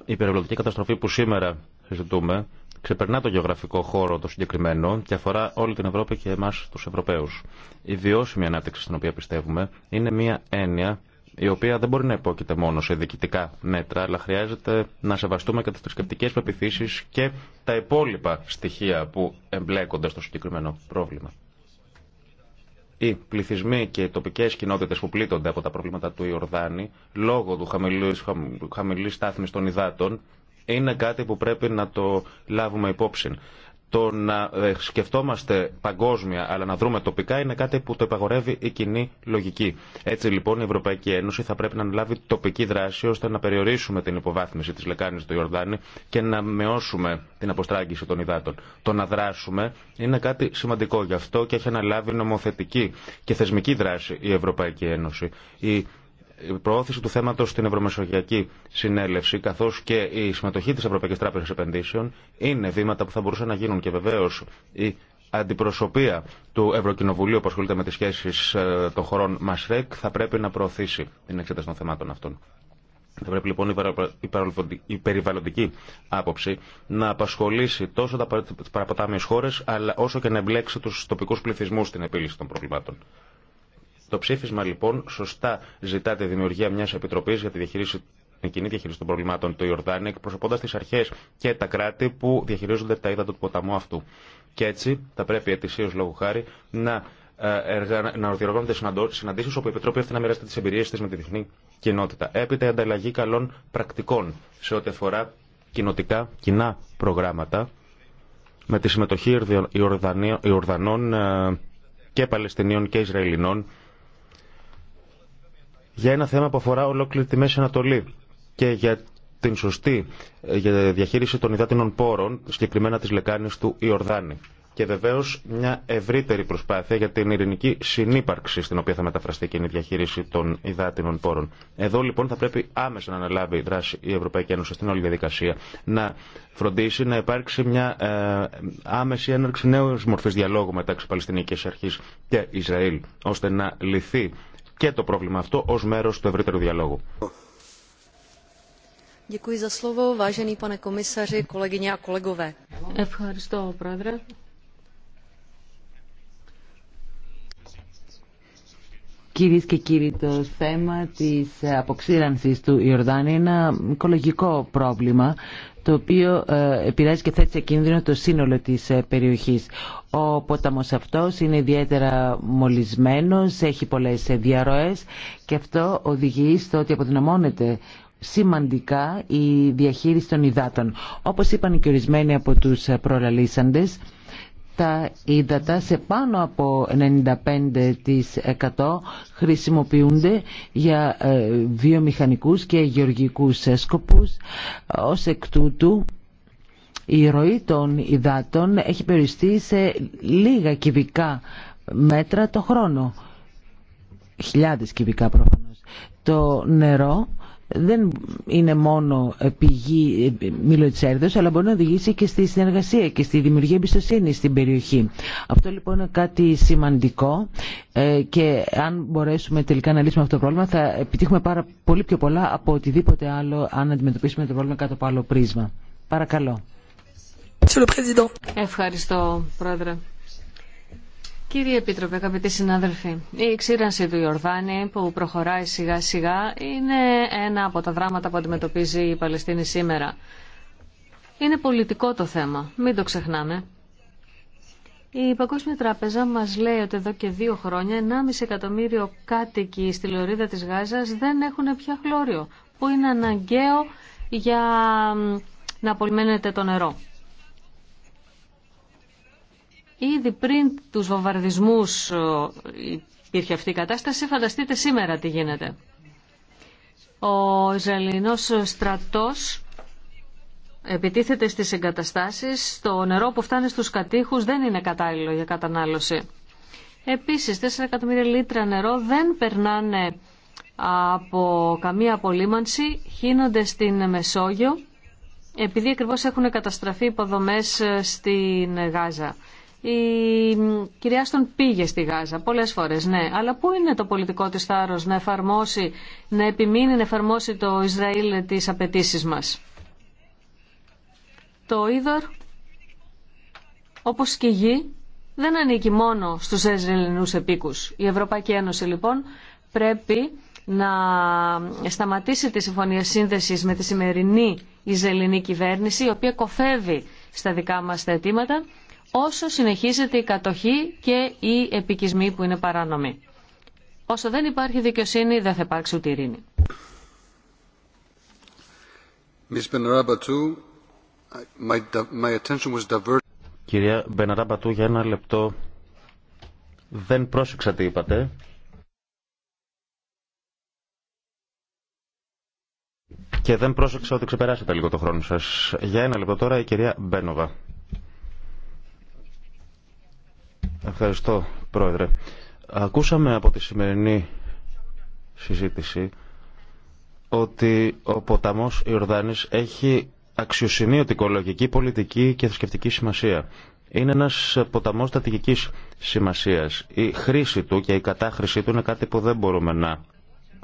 C: Η περιβαλλοντική καταστροφή που σήμερα συζητούμε ξεπερνά το γεωγραφικό χώρο το συγκεκριμένο και αφορά όλη την Ευρώπη και εμά του Ευρωπαίους. Η βιώσιμη ανάπτυξη στην οποία πιστεύουμε είναι μια έννοια η οποία δεν μπορεί να υπόκειται μόνο σε διοικητικά μέτρα, αλλά χρειάζεται να σεβαστούμε και τι θρησκευτικέ πεπιθήσει και τα υπόλοιπα στοιχεία που εμπλέκονται στο συγκεκριμένο πρόβλημα. Οι πληθυσμοί και οι τοπικέ κοινότητε που πλήττονται από τα προβλήματα του Ιορδάνη, λόγω του χαμηλή στάθμη των υδάτων, είναι κάτι που πρέπει να το λάβουμε υπόψη. Το να ε, σκεφτόμαστε παγκόσμια αλλά να δρούμε τοπικά είναι κάτι που το επαγορεύει η κοινή λογική. Έτσι λοιπόν η Ευρωπαϊκή Ένωση θα πρέπει να λάβει τοπική δράση ώστε να περιορίσουμε την υποβάθμιση της λεκάνης του Ιορδάνη και να μειώσουμε την αποστράγγιση των υδάτων. Το να δράσουμε είναι κάτι σημαντικό γι' αυτό και έχει αναλάβει νομοθετική και θεσμική δράση η Ευρωπαϊκή Ένωση. Η η προώθηση του θέματος στην Ευρωμεσογειακή Συνέλευση καθώς και η συμμετοχή της Ευρωπαϊκής Τράπεζας Επενδύσεων είναι βήματα που θα μπορούσαν να γίνουν και βεβαίως η αντιπροσωπεία του Ευρωκοινοβουλίου που ασχολείται με τις σχέσεις ε, των χωρών Μασρέκ θα πρέπει να προωθήσει την εξέταση των θεμάτων αυτών. Θα πρέπει λοιπόν η περιβαλλοντική άποψη να απασχολήσει τόσο τα παραποτάμιες χώρες αλλά όσο και να εμπλέξει τους τοπικούς πληθυσμούς στην επίλυση των προβλημάτων. Το ψήφισμα λοιπόν σωστά ζητά τη δημιουργία μια επιτροπή για τη διαχείριση την κοινή διαχείριση των προβλημάτων του Ιορδάνη, εκπροσωπώντα τι αρχέ και τα κράτη που διαχειρίζονται τα είδα του ποταμού αυτού. Και έτσι θα πρέπει ετησίω λόγου χάρη να, ε, εργα... να συναντήσει όπου η Επιτροπή αυτή να μοιράζεται τι εμπειρίε τη με τη διεθνή κοινότητα. Έπειτα η ανταλλαγή καλών πρακτικών σε ό,τι αφορά κοινοτικά κοινά προγράμματα με τη συμμετοχή Ιορδανών ε, και Παλαιστινίων και Ισραηλινών για ένα θέμα που αφορά ολόκληρη τη Μέση Ανατολή και για την σωστή ε, για διαχείριση των υδάτινων πόρων, συγκεκριμένα της λεκάνης του Ιορδάνη. Και βεβαίως μια ευρύτερη προσπάθεια για την ειρηνική συνύπαρξη στην οποία θα μεταφραστεί και η διαχείριση των υδάτινων πόρων. Εδώ λοιπόν θα πρέπει άμεσα να αναλάβει η δράση η Ευρωπαϊκή Ένωση στην όλη διαδικασία, να φροντίσει να υπάρξει μια ε, άμεση έναρξη νέου μορφή διαλόγου μεταξύ Παλαιστινική Αρχή και Ισραήλ, ώστε να λυθεί και το πρόβλημα αυτό ως μέρος του ευρύτερου διαλόγου.
E: Ευχαριστώ, Πρόεδρε.
A: Κυρίες και κύριοι, το θέμα της αποξήρανσης του Ιορδάνη είναι ένα οικολογικό πρόβλημα το οποίο ε, επηρεάζει και θέτει σε κίνδυνο το σύνολο της ε, περιοχής. Ο ποταμός αυτός είναι ιδιαίτερα μολυσμένος, έχει πολλές ε, διαρροές και αυτό οδηγεί στο ότι αποδυναμώνεται σημαντικά η διαχείριση των υδάτων. Όπως είπαν και ορισμένοι από τους προλαλήσαντες, τα ύδατα σε πάνω από 95% χρησιμοποιούνται για ε, βιομηχανικούς και γεωργικούς σκοπούς. Ως εκ τούτου η ροή των υδάτων έχει περιστεί σε λίγα κυβικά μέτρα το χρόνο. Χιλιάδες κυβικά προφανώς. Το νερό δεν είναι μόνο πηγή μιλοτσέρδος αλλά μπορεί να οδηγήσει και στη συνεργασία και στη δημιουργία εμπιστοσύνη στην περιοχή. Αυτό λοιπόν είναι κάτι σημαντικό ε, και αν μπορέσουμε τελικά να λύσουμε αυτό το πρόβλημα θα επιτύχουμε πάρα πολύ πιο πολλά από οτιδήποτε άλλο αν αντιμετωπίσουμε το πρόβλημα κάτω από άλλο πρίσμα. Παρακαλώ.
E: Ευχαριστώ, Πρόεδρε. Κύριε Επίτροπε, αγαπητοί συνάδελφοι, η εξήρανση του Ιορδάνη που προχωράει σιγά σιγά είναι ένα από τα δράματα που αντιμετωπίζει η Παλαιστίνη σήμερα. Είναι πολιτικό το θέμα, μην το ξεχνάμε. Η Παγκόσμια Τράπεζα μας λέει ότι εδώ και δύο χρόνια 1,5 εκατομμύριο κάτοικοι στη λωρίδα της Γάζας δεν έχουν πια χλώριο, που είναι αναγκαίο για να απολυμένεται το νερό. Ήδη πριν τους βομβαρδισμούς ε, υπήρχε αυτή η κατάσταση, φανταστείτε σήμερα τι γίνεται. Ο Ισραηλινός στρατός επιτίθεται στις εγκαταστάσεις, το νερό που φτάνει στους κατήχους δεν είναι κατάλληλο για κατανάλωση. Επίσης, 4 εκατομμύρια λίτρα νερό δεν περνάνε από καμία απολύμανση, χύνονται στην Μεσόγειο, επειδή ακριβώ έχουν καταστραφεί υποδομές ε, στην Γάζα. Η κυρία Στον πήγε στη Γάζα πολλές φορές, ναι. Αλλά πού είναι το πολιτικό της θάρρος να εφαρμόσει, να επιμείνει να εφαρμόσει το Ισραήλ τις απαιτήσει μας. Το Ίδωρ, όπως και η γη, δεν ανήκει μόνο στους Ισραηλινούς επίκους. Η Ευρωπαϊκή Ένωση λοιπόν πρέπει να σταματήσει τη συμφωνία σύνδεσης με τη σημερινή Ισραηλινή κυβέρνηση, η οποία κοφεύει στα δικά μας τα αιτήματα όσο συνεχίζεται η κατοχή και οι επικισμοί που είναι παράνομοι. Όσο δεν υπάρχει δικαιοσύνη δεν θα υπάρξει ούτε ειρήνη.
C: Κυρία Μπεναράμπατου, για ένα λεπτό δεν πρόσεξα τι είπατε. Και δεν πρόσεξα ότι ξεπεράσατε λίγο το χρόνο σας. Για ένα λεπτό τώρα η κυρία Μπένοβα. Ευχαριστώ, Πρόεδρε. Ακούσαμε από τη σημερινή συζήτηση ότι ο ποταμός Ιορδάνης έχει αξιοσημείωτη οικολογική, πολιτική και θρησκευτική σημασία. Είναι ένας ποταμός στρατηγικής σημασίας. Η χρήση του και η κατάχρησή του είναι κάτι που δεν μπορούμε να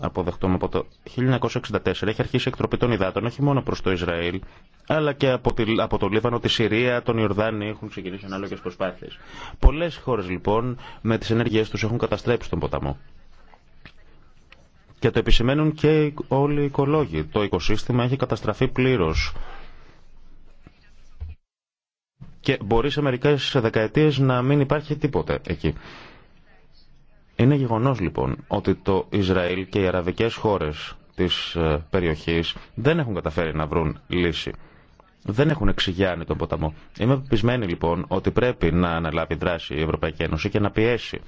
C: αποδεχτούμε από το 1964 έχει αρχίσει εκτροπή των υδάτων όχι μόνο προς το Ισραήλ αλλά και από, τη, από το Λίβανο, τη Συρία, τον Ιορδάνη έχουν ξεκινήσει ανάλογες προσπάθειες. Πολλές χώρες λοιπόν με τις ενέργειές τους έχουν καταστρέψει τον ποταμό. Και το επισημαίνουν και όλοι οι οικολόγοι. Το οικοσύστημα έχει καταστραφεί πλήρω. Και μπορεί σε μερικέ δεκαετίε να μην υπάρχει τίποτε εκεί. Είναι γεγονός λοιπόν ότι το Ισραήλ και οι αραβικές χώρες της ε, περιοχής δεν έχουν καταφέρει να βρουν λύση. Δεν έχουν εξηγιάνει τον ποταμό. Είμαι πεπισμένη λοιπόν ότι πρέπει να αναλάβει δράση η Ευρωπαϊκή Ένωση και να πιέσει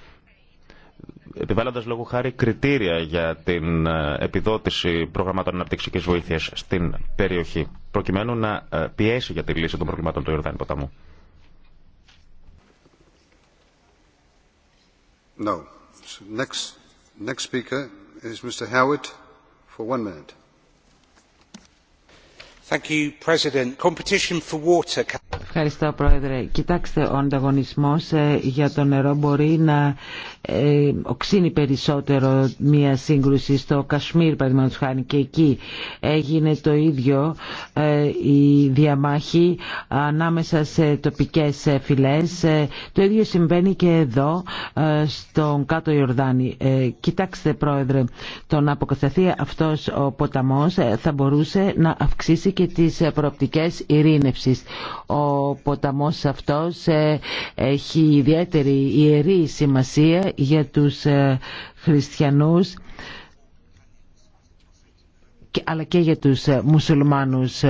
C: επιβάλλοντας λόγω χάρη κριτήρια για την ε, επιδότηση προγραμμάτων αναπτυξικής βοήθειας στην περιοχή, προκειμένου να ε, πιέσει για τη λύση των προβλημάτων του Ιορδάνη Ποταμού.
B: Next, next speaker is Mr. Howard for one minute.
A: Ευχαριστώ Πρόεδρε. Κοιτάξτε, ο ανταγωνισμός ε, για το νερό μπορεί να ε, οξύνει περισσότερο μία σύγκρουση στο Κασμίρ, παραδείγματος χάνει και εκεί έγινε το ίδιο ε, η διαμάχη ανάμεσα σε τοπικές φυλές. Το ίδιο συμβαίνει και εδώ στον Κάτω Ιορδάνη. Κοιτάξτε Πρόεδρε, το να αυτός ο ποταμός θα μπορούσε να αυξήσει και τις προοπτικές ειρήνευσης. Ο ποταμός αυτός ε, έχει ιδιαίτερη ιερή σημασία για τους ε, χριστιανούς αλλά και για τους ε, μουσουλμάνους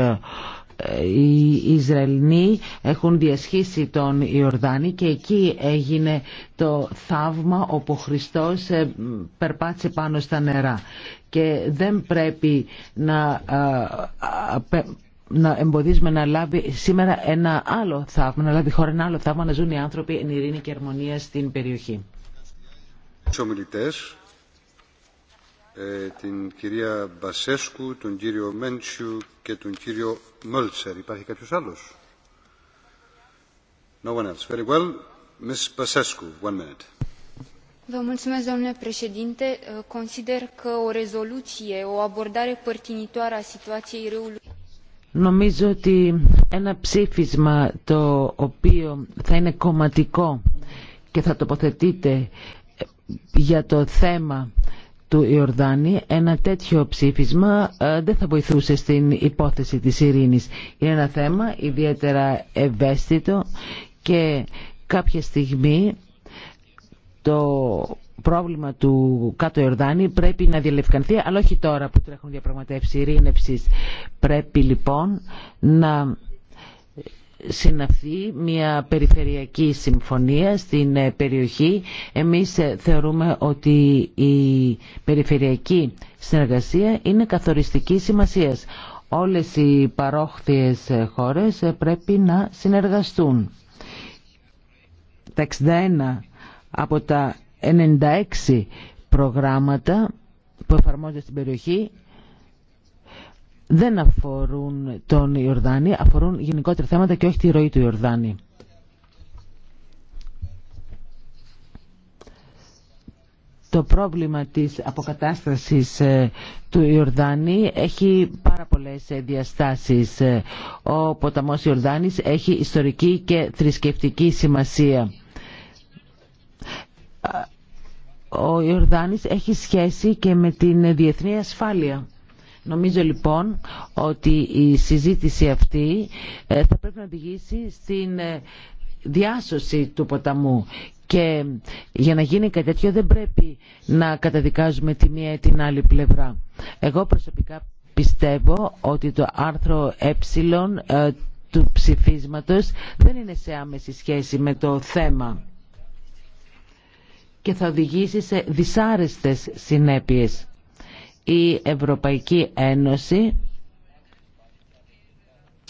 A: οι Ισραηλοί έχουν διασχίσει τον Ιορδάνη και εκεί έγινε το θαύμα όπου ο Χριστός ε, περπάτησε πάνω στα νερά και δεν πρέπει να ε, να εμποδίζουμε να λάβει σήμερα ένα άλλο θαύμα, να λάβει χώρα ένα άλλο θαύμα, να ζουν οι άνθρωποι εν ειρήνη και αρμονία στην περιοχή.
B: Ε, την κυρία Μπασέσκου, τον κύριο Μέντσιου και τον κύριο Μόλτσερ. Υπάρχει κάποιο άλλο. No one else. Very well. Ms. Basescu, one minute.
E: Vă mulțumesc, domnule președinte. Consider că o rezoluție, o abordare părtinitoare a situației râului
A: Νομίζω ότι ένα ψήφισμα το οποίο θα είναι κομματικό και θα τοποθετείτε για το θέμα του Ιορδάνη ένα τέτοιο ψήφισμα ε, δεν θα βοηθούσε στην υπόθεση της ειρήνης. Είναι ένα θέμα ιδιαίτερα ευαίσθητο και κάποια στιγμή το πρόβλημα του κάτω Ιορδάνη πρέπει να διαλευκανθεί αλλά όχι τώρα που τρέχουν διαπραγματεύσει ειρήνευσης. Πρέπει λοιπόν να συναυθεί μια περιφερειακή συμφωνία στην ε, περιοχή. Εμείς ε, θεωρούμε ότι η περιφερειακή συνεργασία είναι καθοριστική σημασίας. Όλες οι παρόχθιες ε, χώρες πρέπει να συνεργαστούν. Τα 61 από τα 96 προγράμματα που εφαρμόζονται στην περιοχή δεν αφορούν τον Ιορδάνη, αφορούν γενικότερα θέματα και όχι τη ροή του Ιορδάνη. Το πρόβλημα της αποκατάστασης ε, του Ιορδάνη έχει πάρα πολλές ε, διαστάσεις. Ε, ο ποταμός Ιορδάνης έχει ιστορική και θρησκευτική σημασία. Ο Ιορδάνης έχει σχέση και με την διεθνή ασφάλεια. Νομίζω λοιπόν ότι η συζήτηση αυτή ε, θα πρέπει να οδηγήσει στην ε, διάσωση του ποταμού και ε, για να γίνει κάτι τέτοιο δεν πρέπει να καταδικάζουμε τη μία ή την άλλη πλευρά. Εγώ προσωπικά πιστεύω ότι το άρθρο ε του ψηφίσματος δεν είναι σε άμεση σχέση με το θέμα και θα οδηγήσει σε δυσάρεστες συνέπειες η Ευρωπαϊκή Ένωση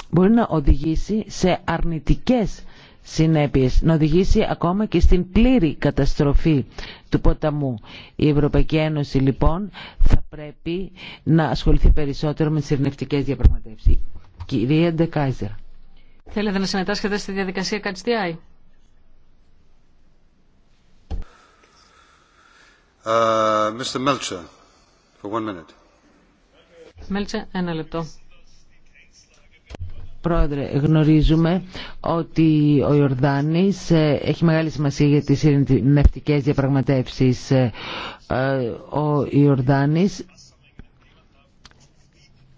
A: μπορεί να οδηγήσει σε αρνητικές συνέπειες, να οδηγήσει ακόμα και στην πλήρη καταστροφή του ποταμού. Η Ευρωπαϊκή Ένωση λοιπόν θα πρέπει να ασχοληθεί περισσότερο με τις ειρνευτικές διαπραγματεύσεις. Κυρία Ντεκάιζερ.
E: Θέλετε να συμμετάσχετε στη διαδικασία Κατστιάη.
B: Uh, Mr. Melcher.
A: Πρόεδρε, γνωρίζουμε ότι ο Ιορδάνης ε, έχει μεγάλη σημασία για τις ειρηνευτικές διαπραγματεύσεις. Ε, ο Ιορδάνης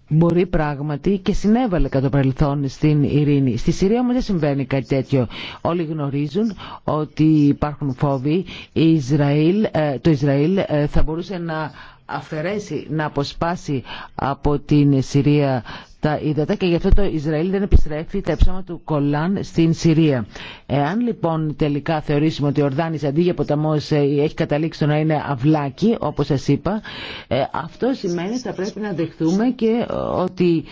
A: μπορεί πράγματι και συνέβαλε κατά το παρελθόν στην ειρήνη. Στη Συρία όμως δεν συμβαίνει κάτι τέτοιο. Όλοι γνωρίζουν ότι υπάρχουν φόβοι. Ισραήλ, ε, το Ισραήλ θα μπορούσε να αφαιρέσει, να αποσπάσει από την Συρία τα ύδατα και γι' αυτό το Ισραήλ δεν επιστρέφει τα έψαμα του Κολάν στην Συρία. Εάν λοιπόν τελικά θεωρήσουμε ότι ο Ορδάνη αντί για ποταμό ε, έχει καταλήξει να είναι αυλάκι, όπω σα είπα, ε, αυτό σημαίνει ότι θα πρέπει να δεχθούμε και ε, ότι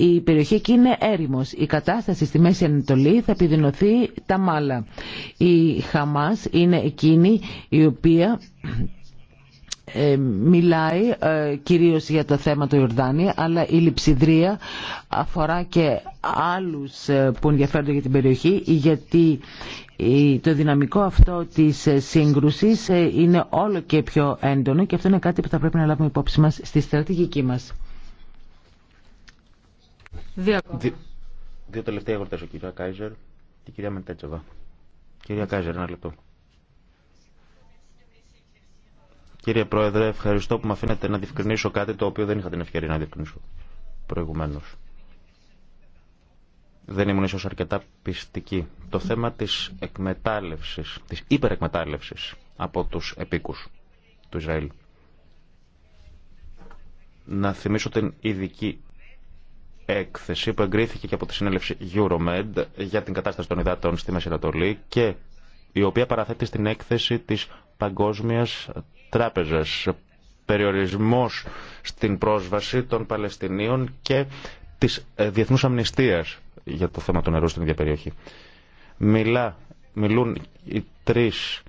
A: η περιοχή εκεί είναι έρημο. Η κατάσταση στη Μέση Ανατολή θα επιδεινωθεί τα μάλα. Η Χαμά είναι εκείνη η οποία ε, μιλάει ε, κυρίως για το θέμα του Ιορδάνη αλλά η λειψιδρία αφορά και άλλους ε, που ενδιαφέρονται για την περιοχή γιατί το δυναμικό αυτό της σύγκρουσης είναι όλο και πιο έντονο και αυτό είναι κάτι που θα πρέπει να λάβουμε υπόψη μας στη στρατηγική μας.
C: Δύο, τελευταία γορτές, ο κυρία Κάιζερ και κυρία Μεντέτσεβα. Κυρία Κάιζερ, ένα λεπτό. Κύριε Πρόεδρε, ευχαριστώ που με αφήνετε να διευκρινίσω κάτι το οποίο δεν είχα την ευκαιρία να διευκρινίσω προηγουμένω. Δεν ήμουν ίσω αρκετά πιστική. Το θέμα τη εκμετάλλευση, τη υπερεκμετάλλευση από του επίκου του Ισραήλ. Να θυμίσω την ειδική έκθεση που εγκρίθηκε και από τη συνέλευση Euromed για την κατάσταση των υδάτων στη Μέση Ανατολή και η οποία παραθέτει στην έκθεση της Παγκόσμιας τράπεζας, περιορισμός στην πρόσβαση των Παλαιστινίων και της ε, διεθνούς αμνηστίας για το θέμα του νερού στην ίδια περιοχή. Μιλά, μιλούν οι τρεις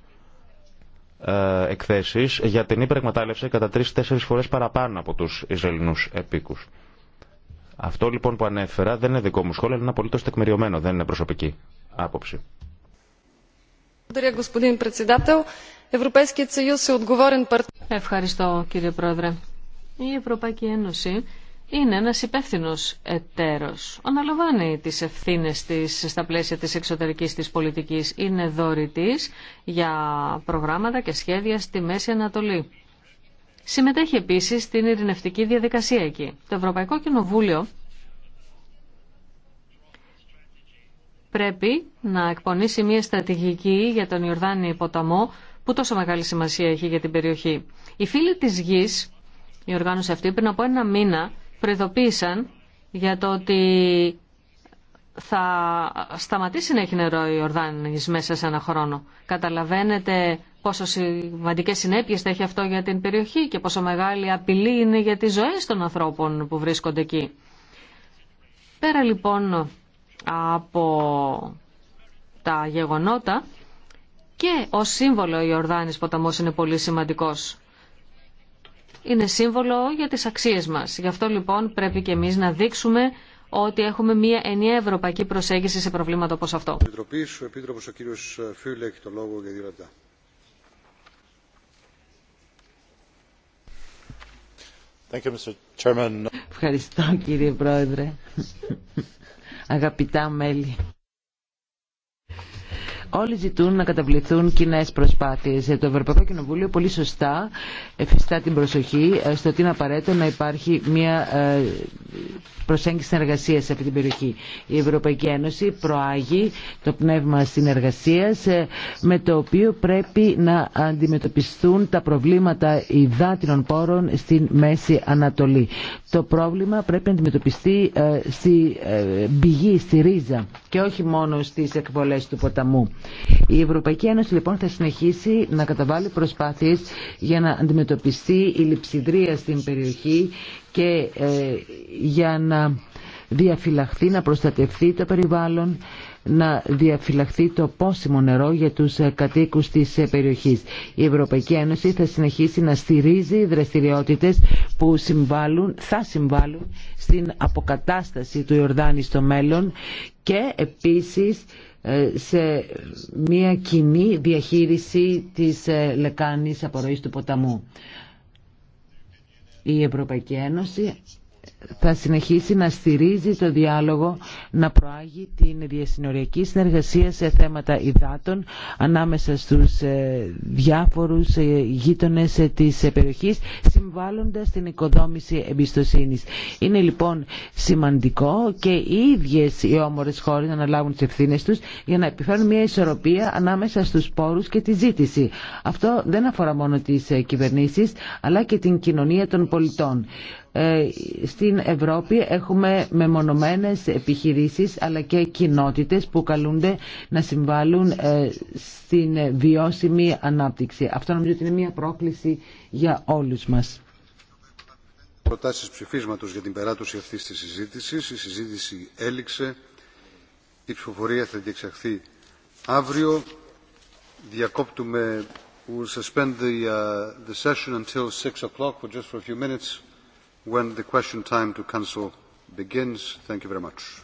C: ε, εκθέσεις για την υπερεκμετάλλευση κατά τρεις-τέσσερις φορές παραπάνω από τους Ισραηλινούς επίκους. Αυτό λοιπόν που ανέφερα δεν είναι δικό μου σχόλιο, είναι απολύτως τεκμηριωμένο, δεν είναι προσωπική άποψη.
E: Ευχαριστώ κύριε Πρόεδρε. Η Ευρωπαϊκή Ένωση είναι ένας υπεύθυνο εταίρος. Αναλαμβάνει τις ευθύνες της στα πλαίσια της εξωτερικής της πολιτικής. Είναι δωρητής για προγράμματα και σχέδια στη Μέση Ανατολή. Συμμετέχει επίσης στην ειρηνευτική διαδικασία εκεί. Το Ευρωπαϊκό Κοινοβούλιο πρέπει να εκπονήσει μια στρατηγική για τον Ιορδάνη ποταμό που τόσο μεγάλη σημασία έχει για την περιοχή. Οι φίλοι της γης, η οργάνωση αυτή, πριν από ένα μήνα προειδοποίησαν για το ότι θα σταματήσει να έχει νερό η Ορδάνης μέσα σε ένα χρόνο. Καταλαβαίνετε πόσο σημαντικέ συνέπειες θα έχει αυτό για την περιοχή και πόσο μεγάλη απειλή είναι για τι ζωέ των ανθρώπων που βρίσκονται εκεί. Πέρα λοιπόν από τα γεγονότα, και ω σύμβολο ο Ιορδάνη ποταμό είναι πολύ σημαντικός. Είναι σύμβολο για τις αξίες μας. Γι' αυτό λοιπόν πρέπει και εμείς να δείξουμε ότι έχουμε μια ενιαία ευρωπαϊκή προσέγγιση σε προβλήματα όπω αυτό.
A: Ευχαριστώ κύριε Πρόεδρε. Αγαπητά μέλη. Όλοι ζητούν να καταβληθούν κοινέ προσπάθειε. Το Ευρωπαϊκό Κοινοβούλιο πολύ σωστά εφιστά την προσοχή ε, στο ότι είναι απαραίτητο να υπάρχει μια ε, προσέγγιση συνεργασία σε αυτή την περιοχή. Η Ευρωπαϊκή Ένωση προάγει το πνεύμα συνεργασία ε, με το οποίο πρέπει να αντιμετωπιστούν τα προβλήματα υδάτινων πόρων στην Μέση Ανατολή. Το πρόβλημα πρέπει να αντιμετωπιστεί στη πηγή, στη ρίζα και όχι μόνο στις εκβολές του ποταμού. Η Ευρωπαϊκή Ένωση λοιπόν θα συνεχίσει να καταβάλει προσπάθειες για να αντιμετωπιστεί η λειψιδρία στην περιοχή και ε, για να διαφυλαχθεί, να προστατευτεί το περιβάλλον, να διαφυλαχθεί το πόσιμο νερό για τους ε, κατοίκους της ε, περιοχής. Η Ευρωπαϊκή Ένωση θα συνεχίσει να στηρίζει δραστηριότητες που συμβάλλουν, θα συμβάλλουν στην αποκατάσταση του Ιορδάνη στο μέλλον και επίσης ε, σε μια κοινή διαχείριση της ε, λεκάνης απορροής του ποταμού. Η Ευρωπαϊκή Ένωση θα συνεχίσει να στηρίζει το διάλογο, να προάγει την διασυνοριακή συνεργασία σε θέματα υδάτων ανάμεσα στους ε, διάφορους ε, γείτονες ε, της περιοχής, συμβάλλοντας την οικοδόμηση εμπιστοσύνης. Είναι λοιπόν σημαντικό και οι ίδιες οι όμορες χώρες να αναλάβουν τις ευθύνες τους για να επιφέρουν μια ισορροπία ανάμεσα στους πόρους και τη ζήτηση. Αυτό δεν αφορά μόνο τις κυβερνήσεις, αλλά και την κοινωνία των πολιτών στην Ευρώπη έχουμε μεμονωμένες επιχειρήσεις αλλά και κοινότητες που καλούνται να συμβάλλουν ε, στην βιώσιμη ανάπτυξη. Αυτό νομίζω ότι είναι μια πρόκληση για όλους μας.
B: Προτάσεις ψηφίσματος για την περάτωση αυτής της συζήτησης. Η συζήτηση έληξε. Η ψηφοφορία θα διεξαχθεί αύριο. Διακόπτουμε. We'll suspend the, uh, the session until 6 o'clock for just for a few minutes when the question time to council begins. Thank you very much.